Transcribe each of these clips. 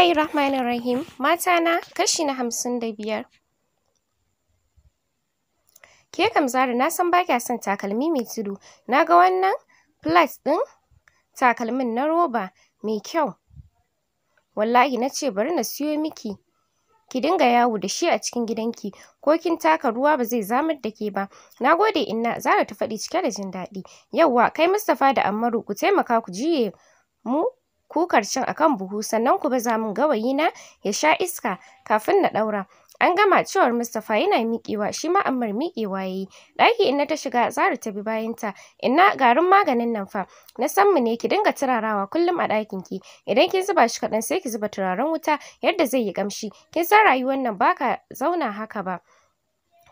Bismillahir Rahmanir Rahim. Mata na kashi na hamsin da biyar. Ke kam Zara na san baki son takalmi mai tudu. Na ga wannan flat ɗin takalmin na roba mai kyau. Wallahi na ce bari na siyo miki. Ki dinga yawo da shi a cikin gidanki ko kin taka ruwa ba zai zamar da ke ba. Na gode inna Zara ta faɗi cike da jin daɗi. Yawwa kai Mustapha da Ammaru ku taimaka ku jiye mu kukar cin akan buhu sannan ku baza min gawayi na ya sha iska kafin na ɗaura. An gama cewar Mustapha yana miƙewa shi ma Ammar miƙewa yi. Ɗaki inna ta shiga Zara ta bi bayan ta. Inna garin maganin nan fa na san mu ne ki dinga turarawa kullum a ɗakin ki. Idan kin zuba shi kaɗan sai ki zuba turaren wuta yadda zai yi ƙamshi. Kin san rayuwar nan baka zauna haka ba.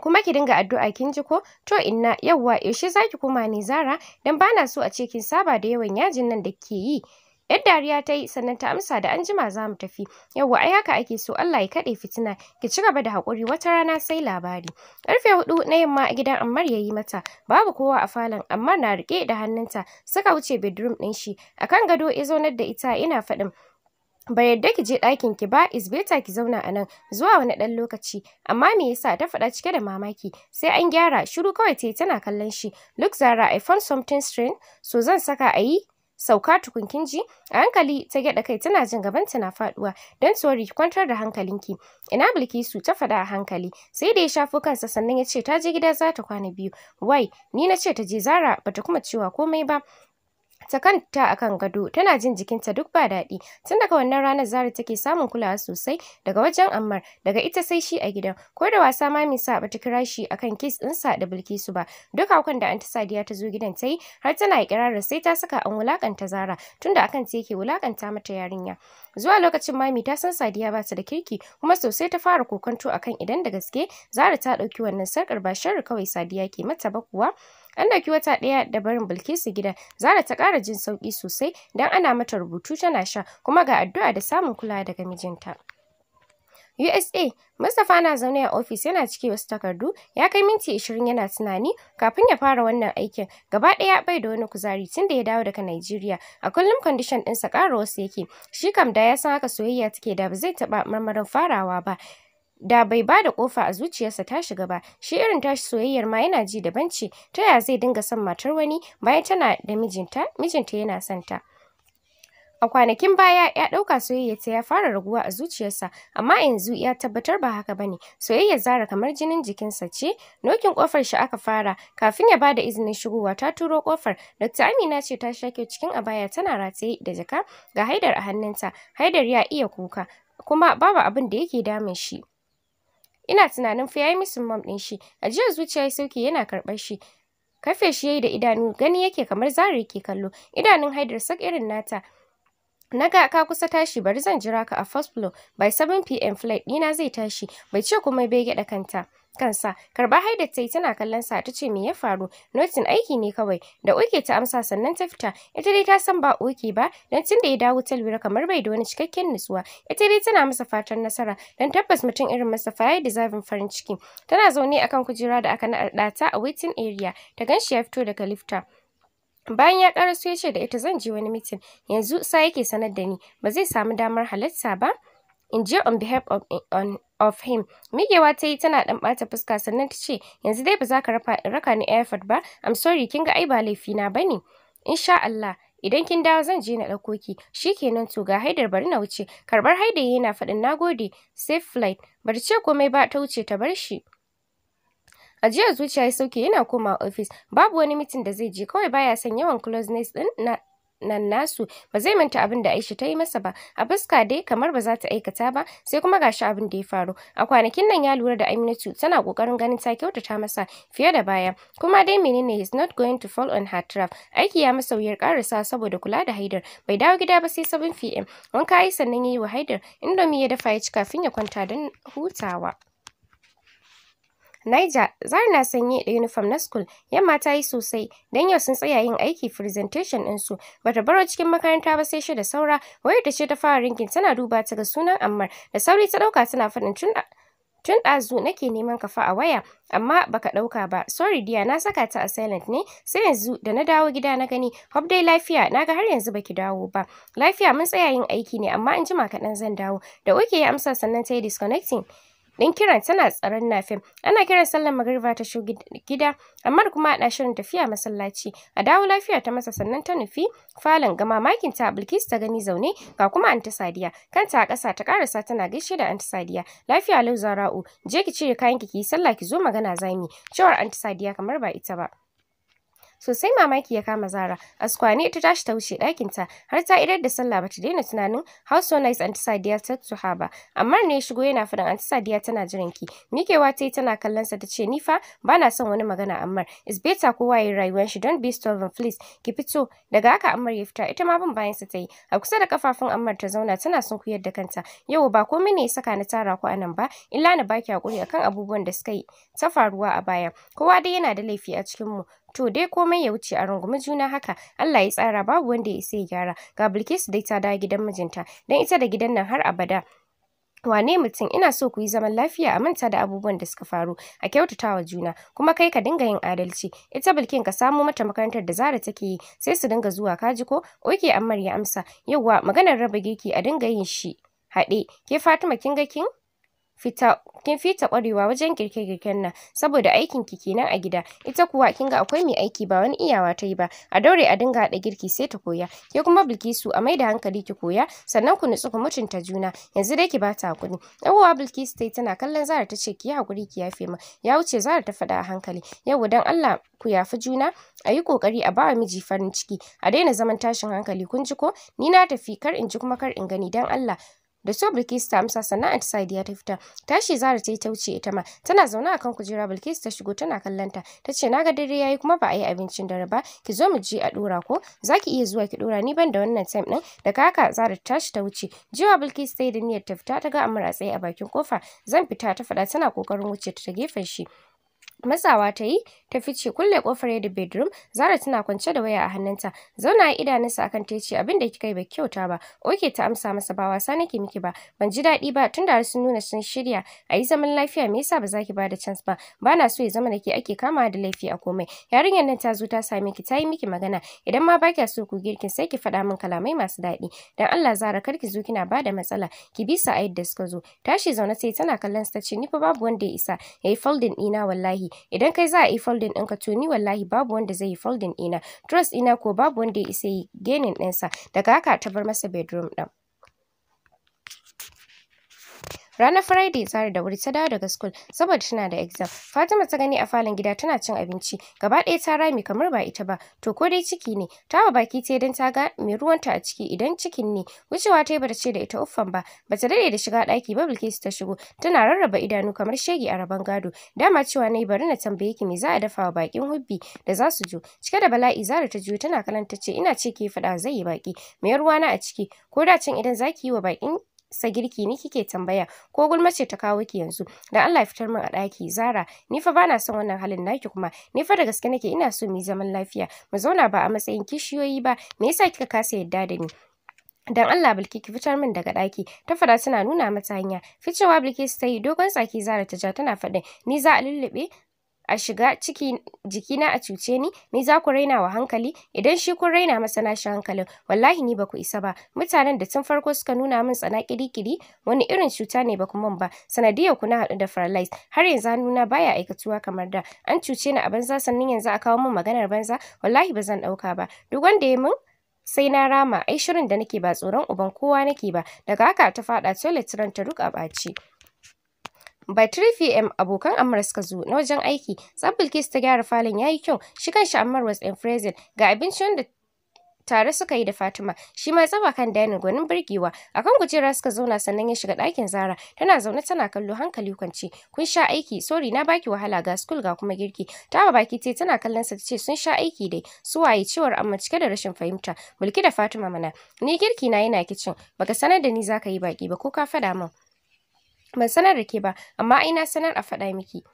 kuma ki dinga addu'a kin ji ko to inna yawwa yaushe zaki koma ni, Zara dan bana so a ce kin saba da yawan yajin nan da ke yi yar dariya ta yi sannan ta amsa da an jima za mu tafi yauwa ai haka ake so Allah ya kaɗe fitina ki ci gaba da haƙuri wata rana sai labari karfe hudu na yamma a gidan Ammar ya yi mata babu kowa a falon Ammar na riƙe da hannunta suka wuce bedroom ɗin shi akan gado ya zaunar da ita ina faɗin ba yadda ki je ɗakin ki ba is beta ki zauna a nan zuwa wani ɗan lokaci amma me yasa ta faɗa cike da mamaki sai an gyara shiru kawai tayi tana kallon shi look zara i found something strange so zan saka a yi sauka tukun a hankali ta gyada kai tana jin gabanta na faduwa don tsori ki kwantar da hankalinki ina bilkisu ta faɗa a hankali sai da ya shafo kansa sannan ya ce ta je gida za ta kwana biyu wai ni na ce ta je zara bata kuma cewa komai ba ta kanta akan gado tana jin jikinta duk ba daɗi tun daga wannan ranar Zara take samun kulawa sosai daga wajen Ammar daga ita sai shi a gidan ko da wasa ma Misa bata kira shi akan kiss ɗinsa da Bilkisu ba duk haukan da Anta Sadiya ta zo gidan ta yi har tana ikirarin sai ta saka an wulakanta Zara tunda akan ta yake wulakanta mata yarinya zuwa lokacin mami ta san Sadiya ba ta da kirki kuma sosai ta fara kokonto akan idan da gaske Zara ta ɗauki wannan sarkar ba sharri kawai Sadiya ke mata ba kuwa An ɗauki wata ɗaya da barin Bilkisu gida, Zara ta kara jin sauki sosai don ana mata rubutu tana sha kuma ga addu'a da samun kula daga mijinta. USA Mustapha na zaune a ofis yana cike wasu takardu ya kai minti 20 yana tunani kafin ya fara wannan aikin gaba ɗaya bai da wani kuzari tun da ya dawo daga Nigeria a kullum condition sa ƙara wasu yake shi kam da ya san haka soyayya take da ba zai taɓa marmarin farawa ba da bai ba da kofa a zuciyarsa ta shiga ba shi irin tashi soyayyar ma yana ji daban ce ta yaya zai dinga son matar wani bayan tana da mijinta mijinta yana son ta a kwanakin baya ya ɗauka soyayyarta ya fara raguwa a zuciyarsa amma yanzu ya tabbatar ba haka bane soyayyar zara kamar jinin jikinsa ce nokin kofar shi aka fara kafin ya bada izinin shigowa ta turo kofar dr amina ce ta shake cikin abaya tana rataye da jaka ga haidar a hannunta haidar ya iya kuka kuma babu abin da yake damun shi ina tunanin fa yayi musu mom ɗin shi ajiyar zuciya ya sauke yana karɓar shi kafe shi yayi da idanu gani yake kamar zare yake kallo idanun haidar sak irin nata na ga ka kusa tashi bari zan jira ka a first floor by 7 pm flight dina zai tashi bai ce kuma bai gyaɗa kanta kansa karba haida ta yi tana kallon sa ta ce me ya faru notin aiki ne kawai da oke ta amsa sannan ta fita ita dai ta san ba oke ba don tun da ya dawo talbira kamar bai da wani cikakken nutsuwa ita dai tana masa fatan nasara don tabbas mutum irin masa fa yi deserving farin ciki tana zaune akan kujera da aka naɗa ta a waiting area ta ganshi ya fito daga lifta bayan ya karaso ya ce da ita zan je wani mitin yanzu sa yake sanar da ni ba zai samu damar halatta ba in je on behalf of eh, on of him. Migewa ta yi tana ɗan bata fuska sannan ta ce, yanzu dai ba za ka raka ni airport ba, I'm sorry kin ga ai ba laifina ba ne. Insha Allah, idan kin dawo zan je na ɗauko ki, shi kenan to ga haidar bari na wuce, karbar haidar yana faɗin na gode, safe flight, bari ce komai ba ta wuce ta bar shi. Ajiyar zuciya ya sauke yana koma ofis, babu wani mitin da zai je kawai baya son yawan closeness din na nan nasu ba zai manta abin da Aisha ta yi masa ba a fuska dai kamar ba za ta aikata ba sai kuma gashi abin da ya faru a kwanakin nan ya lura da Aminatu tana kokarin ganin ta kyautata masa fiye da baya kuma dai menene he is not going to fall on her trap aiki ya masa wuyar karasa saboda kula da Haidar bai dawo gida ba sai 7 pm wanka yi sannan yayi wa Haidar indomi ya dafa ya ci kafin ya kwanta don hutawa Niger, na sanye da uniform na school, yamma ta yi sosai, don yau sun tsaya yin aiki presentation ɗinsu. Bata baro cikin makaranta ba sai da saura, wayar da ce ta fara rinkin tana duba ta ga sunan Ammar, da sauri ta ɗauka tana faɗin tun Tun ɗazu nake neman kafa a waya, amma baka ɗauka ba. Sorry dear, na saka ta a silent ne, sai yanzu da na dawo gida na gani. hop dai lafiya, na ga har yanzu baki dawo ba. Lafiya mun tsaya yin aiki ne, amma in jima kaɗan zan dawo. Da oke ya amsa sannan ta yi disconnecting. don kiran tana tsaron nafin. ana kiran sallar magariba ta shu gida amma kuma ana shirin tafiya masallaci a dawo lafiya ta masa sannan ta nufi falon gama makin ta bilkis ta gani zaune ga kuma anti sadiya kanta a ƙasa ta ƙarasa tana gaishe da anti sadiya lafiya lau zara'u je ki cire kayan ki ki sallah ki zo magana zami cewar anti sadiya kamar ba ita ba sosai mamaki ya kama zara askwane ta tashi ta wuce ta har ta idar da sallah bata daina tunanin how so nice anti sadiya ta tuha ba amma ne ya shigo yana faɗin anti sadiya tana jiran ki mikewa ta yi tana kallon sa ta ni fa bana son wani magana ammar is better kowa ya rayuwar shi don be stubborn please ki fito daga haka ammar ya fita ita ma bin bayan sa ta yi a kusa da kafafun amma ta zauna tana son kuyar da kanta yau ba komai ne ya saka na tara ku anan ba illa na baki hakuri akan abubuwan da suka yi ta faruwa a baya kowa dai yana da laifi a cikin mu to dai komai ya wuce a rungumi juna haka Allah ya tsara babu wanda ya isa ya gyara ga Bilkisu dai ta dawo gidan mijinta dan ita da gidan nan har abada wane mutum ina so ku yi zaman lafiya a manta da abubuwan da suka faru a kyautata wa juna kuma kai ka dinga yin adalci ita bilkin ka samo mata makarantar da zara take yi sai su dinga zuwa kaji ko oke ammar ya amsa yauwa maganar raba girki a dinga yin shi haɗe ke fatima kin ga kin fita kin fita kwarewa wajen girke-girken nan saboda aikin ki kenan a gida ita kuwa kin ga akwai mai aiki ba wani iyawa ta yi ba a daure a dinga haɗa girki sai ta koya ke kuma Bilkisu a maida hankali ki koya sannan ku nutsu ku mutunta juna yanzu dai ki ba ta hakuri yawwa Bilkisu tai tana kallon Zara ta ce ki yi hakuri ki yafe ma ya wuce Zara ta faɗa a hankali yau dan Allah ku yafi juna a yi kokari a bawa miji farin ciki a daina zaman tashin hankali kun ji ko ni na tafi kar in ji kuma kar in gani dan Allah da so bilkisu ta amsa sannan anti sadiya ta fita tashi zara ta yi ta wuce ita ma tana zaune akan kujera bilkisu ta shigo tana kallon ta ta ce na ga dare yayi kuma ba a yi abincin dare ba ki zo mu je a dora ko zaki iya zuwa ki dora ni ban da wannan time din da kaka zara ta tashi ta wuce jiwa bilkisu ta yi da niyyar ta fita ta ga amara tsaye a bakin kofa zan fita ta faɗa tana kokarin wuce ta gefen shi matsawa ta yi ta fice kulle kofar yadda bedroom zara tana kwance da waya a hannunta zauna a idanunsa akan ta ce abin kika yi ba kyauta ba oke ta amsa masa ba wasa nake miki ba ban ji daɗi ba tunda har sun nuna sun shirya a yi zaman lafiya me yasa ba za ki bada chance ba ba na so ya zama da ke ake kama da laifi a komai yarinyar nan ta zo ta same ki ta yi miki magana idan ma ba kya so ku girkin sai ki faɗa min kalamai masu daɗi dan Allah zara kar ki zo kina bada matsala ki bi sa a yadda suka zo tashi zaune sai tana kallon sa ta ce ni fa babu wanda ya isa yayi folding ɗina wallahi idan kai za a yi folding ɗinka to ni wallahi babu wanda zai yi folding ina trust ina ko babu wanda ya isa yi genin ɗinsa daga haka ta bar masa bedroom ɗin Ranar Friday tsari da wuri ta dawo daga school saboda tana da exam. Fatima ta gani a falon gida tana cin abinci, gaba ɗaya ta rami kamar ba ita ba. To ko dai ciki ne, ta wa baki ta dan ta ga mai ruwanta a ciki idan cikin ne. Wucewa ta bata ce da ita uffan ba, bata dade da shiga ɗaki ba Bilkisu ta shigo, tana rarraba idanu kamar shege a rabon gado. Dama cewa nayi bari na tambaye ki me za a dafa wa bakin hubbi da za su jo. Cike da bala'i Zara ta juyo tana ta ce ina ce ke faɗa zai yi baki. Mai ruwana a ciki, ko da can idan zaki yi wa bakin sa girki ni kike tambaya ko gulma ce ta kawo ki yanzu dan Allah fitar min a daki Zara ni fa bana son wannan halin naki kuma ni fa da gaske nake ina so mi zaman lafiya mu zauna ba a matsayin kishiyoyi ba me yasa kika kasa yadda da ni dan Allah Bilki ki fitar min daga daki ta fada tana nuna mata hanya ficewa bilki ta yi dogon tsaki Zara ta ja tana faɗin ni za a lullube a shiga ciki jikina a cuce ni ni za ku raina wa hankali idan shi kun raina masa na shi hankalin wallahi ni ba ku isa ba mutanen da tun farko suka nuna min tsana kirikiri wani irin cuta ne ba ku ba sanadiyar ku na haɗu da paralyze har yanzu hannuna baya aikatuwa kamar da an cuce ni a banza sannan yanzu a kawo min maganar banza wallahi ba zan ɗauka ba duk wanda ya min sai na rama ai shirin da nake ba tsoron uban kowa nake ba daga haka ta faɗa toilet ran ta duk ɓaci ba 3 pm abokan amara suka zo na wajen aiki. kes ta gyara falon ya yi kyau. Shi kanshi Ammar was in ga abinci wanda tare suka yi da Fatima shi ma tsaba kan dainin gwanin birgewa a kan kujera suka zauna sannan ya shiga ɗakin Zara tana zaune tana kallo hankali kwance kun sha aiki sorry na baki wahala ga school ga kuma girki ta ba baki ce tana kallon sa tace sun sha aiki dai su waye cewar amma cike da rashin fahimta mulki da Fatima mana ni girki na yana kicin baka sanar da ni zaka yi baki ba ko ka fada min ban sanar da ke ba amma ai na sanar a faɗa miki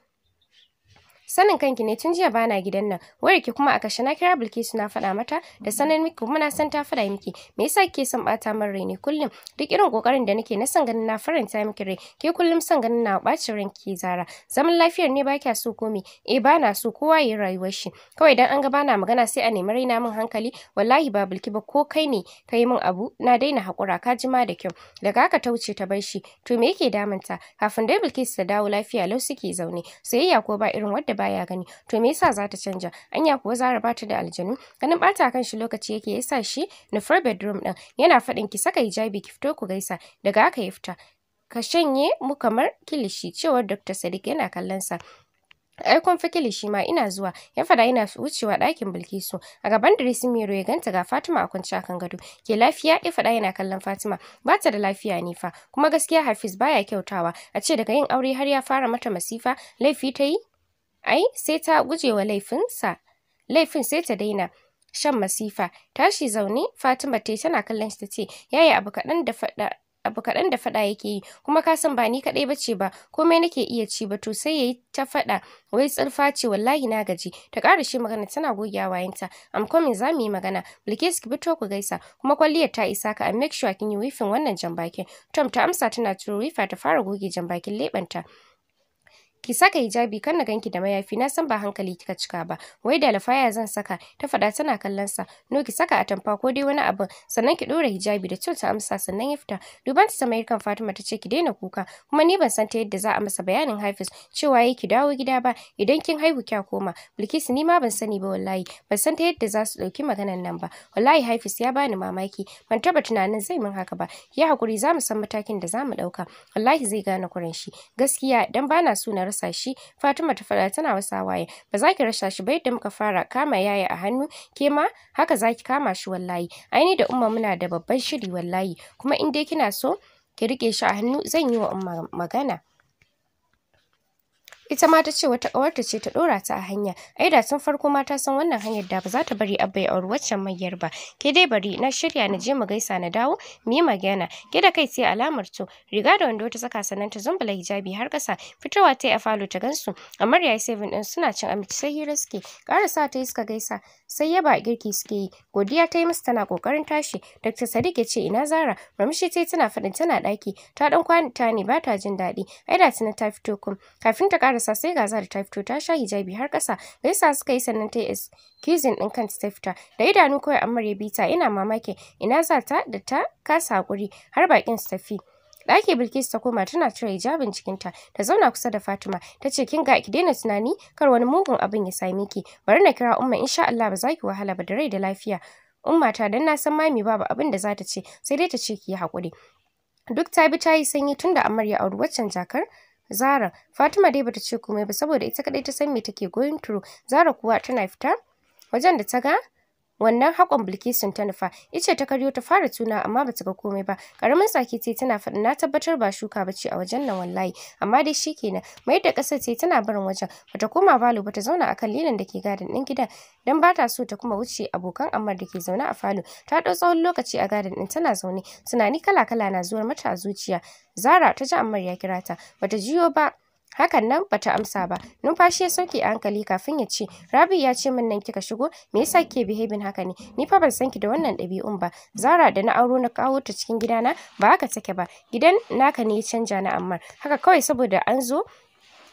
sanin kanki ne tun jiya bana gidan nan wayar ki kuma a kashe na kira Bilkisu na faɗa mata da sanin miki kuma na san ta faɗa miki me yasa kike son bata min rai ne kullum duk irin kokarin da nake na san ganin na faranta miki rai ke kullum san ganin na bacin ranki Zara zaman lafiyar ne ba so ko me eh bana so kowa yayi rayuwar shi kawai dan an ga bana magana sai a nemi raina min hankali wallahi ba Bilki ba ko kai ne kai min abu na daina hakura ka jima da kyau daga haka ta wuce ta bar shi to me yake damunta kafin dai Bilkisu ta dawo lafiya lau suke zaune soyayya ko ba irin wadda baya gani to me yasa za ta canja anya kuwa Zara bata da aljanu ganin bata kan shi lokaci yake yasa shi nufar bedroom din yana faɗin ki saka hijabi ki fito ku gaisa daga aka ya fita ka shanye mu kamar kilishi cewar Dr. Sadiq yana kallon sa ai kun fi kilishi ma ina zuwa ya fada yana wucewa ɗakin bilkisu a gaban dressing mirror ya ganta ga fatima a kwance kan gado ke lafiya ya fada yana kallon fatima bata da lafiya ne fa kuma gaskiya hafiz baya kyautawa a ce daga yin aure har ya fara mata masifa laifi ta yi ai sai ta gujewa laifinsa laifin sai ta daina shan masifa tashi zaune fatima tai tana kallon shi tace yaya abu kaɗan da faɗa abu kaɗan da faɗa yake yi kuma ka san ba ni kaɗai bace ba komai nake iya ci ba to sai yayi ta faɗa wai tsirfa ce wallahi na gaji ta ƙara shi magana tana goge wayanta am coming za mu yi magana bilkis ki fito ku gaisa kuma kwalliyar ta isa ka and make sure kin yi wifin wannan jambakin tom ta amsa tana turo wifa ta fara goge jambakin leɓanta ki saka hijabi kan na ganki da mayafi na san ba hankali kika cika ba wai da lafaya zan saka ta faɗa tana kallon sa no ki saka atamfa ko dai wani abin sannan ki dora hijabi da ta amsa sannan ya fita duban ta mai kan Fatima ta ce ki daina kuka kuma ni ban san ta yadda za a masa bayanin Hafiz cewa yayi ki dawo gida ba idan kin haihu kya koma Bilkisu ni ma ban sani ba wallahi ban san ta yadda za su ɗauki maganan nan ba wallahi Hafiz ya bani mamaki ban taba tunanin zai min haka ba ya hakuri za mu san matakin da za mu ɗauka wallahi zai gane kuren shi gaskiya dan bana so na rasa shi Fatima ta fada tana wasa waye ba za ki rasa shi ba yadda muka fara kama yaya a hannu ke ma haka za ki kama shi wallahi aini da umma muna da babban shiri wallahi kuma in dai kina so ki rike shi a hannu zan yi wa umma magana ita ma ta ce wata ƙawarta ce ta ɗora ta a hanya ai da tun farko ma ta san wannan hanyar da ba za ta bari abba ya auri waccan mayar ba ke dai bari na shirya na je mu gaisa na dawo mu yi magana ke da kai sai alamar to riga da wando ta saka sannan ta zumbula hijabi har ƙasa fitowa ta yi a falo ta gansu amma yayi seven ɗin suna cin aminci sai hira suke ƙara sa ta yi suka gaisa sai yaba girki suke yi godiya ta yi masa tana kokarin tashi dr sadiq ya ce ina zara murmushi ta yi tana faɗin tana ɗaki ta ɗan kwanta ne ba ta jin daɗi ai da tana ta fito kum kafin ta ƙarasa sai ga zara ta fito ta sha hijabi har ƙasa gaisa suka yi sannan ta yi excusing ɗin kanta ta fita da idanu kawai amma ya bita ina mamaki ina zata da ta kasa haƙuri har baƙin su tafi Ɗaki Bilkisu ta koma tana cire hijabin cikinta ta zauna kusa da Fatima ta ce kin ga ki daina tunani kar wani mugun abin ya same ki bari na kira umma insha Allah ba za ki wahala ba da rai da lafiya. Umma ta dan na san mami babu abin da za ta ce sai dai ta ce ki yi haƙuri. Duk ta bi ta yi sanyi tunda amarya auri waccan jakar Zara Fatima dai bata ce komai ba saboda ita kadai ta san me take going through Zara kuwa tana fita wajen da ta ga wannan hakon bilkisun ta nufa ice ta karyo ta fara tuna amma bata ga komai ba karamin tsaki ce tana faɗi na tabbatar ba shuka bace a wajen nan wallahi amma dai shikenan mai da ƙasa ce tana barin wajen bata koma falo bata zauna akan linan dake ke gadin ɗin gidan dan bata so ta kuma wuce abokan amar da ke zaune a falo ta ɗau tsawon lokaci a gadin ɗin tana zaune tunani kala kala na zuwar mata a zuciya zara ta ji ammar ya kira ta bata jiyo ba hakan nan bata amsa ba numfashi ya sauke a hankali kafin ya ce Rabi ya ce min nan kika shigo me yasa kike behaving haka ne ni fa ban san ki da wannan ɗabi'un ba Zara da na auro na kawo ta cikin gidana ba haka take ba gidan naka ne ya canja na amma haka kawai saboda an zo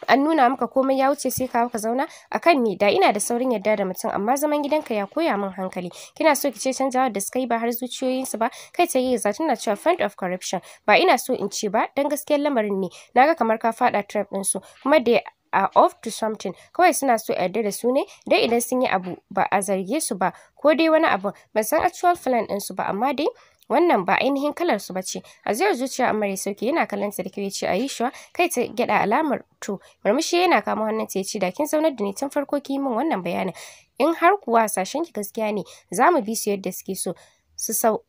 an nuna maka komai ya wuce sai ka ka zauna akan ni da ina da saurin yarda da mutum amma zaman gidanka ya koya min hankali kina so ki ce canza da suka yi ba har zuciyoyinsu ba kai ta yi zaton na cewa friend of corruption ba ina so in ce ba dan gaskiyar lamarin ne na ga kamar ka fada trap din su kuma da are off to something kawai suna so yarda da su ne dai idan sun yi abu ba a zarge su ba ko dai wani abu ban san actual plan din su ba amma dai wannan ba ainihin kalar su bace zuwa zuciya amma ya sauki yana kallon ta da a yace Aisha kai ta gyada alamar to murmushi yana kama hannun ta yace da kin zaunar da ni tun farko ki min wannan bayanin in har kuwa sashen ki gaskiya ne za mu bi su yadda suke so su sau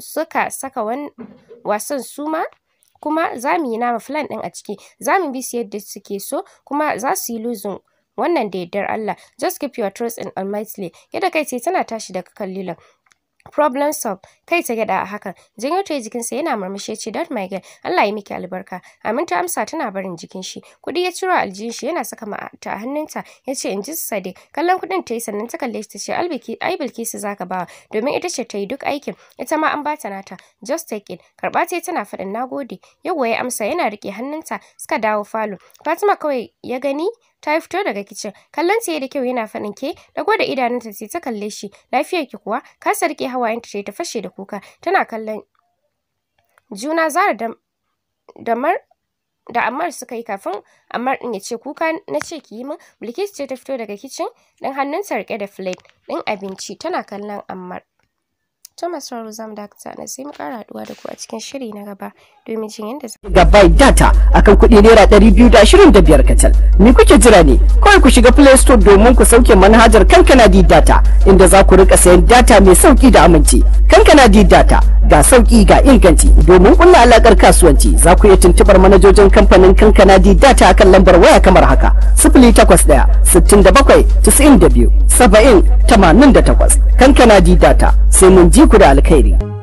suka saka wasan su ma kuma za mu yi nama filan ɗin a ciki za mu bi su yadda suke so kuma za su yi luzin wannan da yardar Allah just keep your trust in almightly yadda kai ce tana tashi daga kan lilon problem Solve. kai ta gyada a hakan janyo ta yi jikinsa yana murmushi ce dat my girl Allah ya miki albarka amin amsa tana barin jikin shi kudi ya ciro aljihin shi yana saka ta a hannunta ya ce in ji su sade kallon kudin ta yi sannan ta kalle shi ta ce ai bilkisu zaka bawa domin ita ce ta yi duk aikin ita ma an bata nata just take it karɓa ta tana faɗin na nagode ya waye amsa yana rike hannunta suka dawo falo fatima kawai ya gani ta fito daga kicin kallon sai da kyau yana faɗin ke da gwada idanunta sai ta kalle shi lafiyar ki kuwa ka rike hawayenta sai ta fashe da kuka tana kallon juna zara da damar da amar suka yi kafin amar din ya ce kuka na ce ki yi min bilkis ce ta fito daga kicin din hannunta rike da plate din abinci tana kallon amar. Thomas Raro zamu dakata na sai mu kara haduwa da ku a cikin shiri na gaba domin jin yadda gaba data akan kuɗi naira ɗari biyu da ashirin da biyar kacal. Me kuke jira ne? Kawai ku shiga Play Store domin ku sauke manhajar kankana di data inda za ku rika sayan data mai sauki da aminci. Kankana di data ga sauki ga inganci domin kulla alakar kasuwanci za ku iya tuntubar manajojin kamfanin kankana di data akan lambar waya kamar haka sifili takwas ɗaya sittin da bakwai tisa'in da biyu saba'in tamanin da takwas kankana di data sai mun ji ku da alkhairi